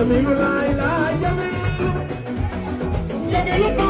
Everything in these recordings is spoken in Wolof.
جميل لا إله جميل جميل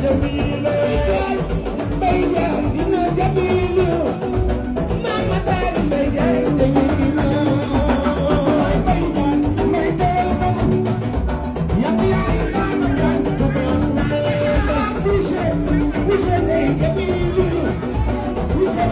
Jamie.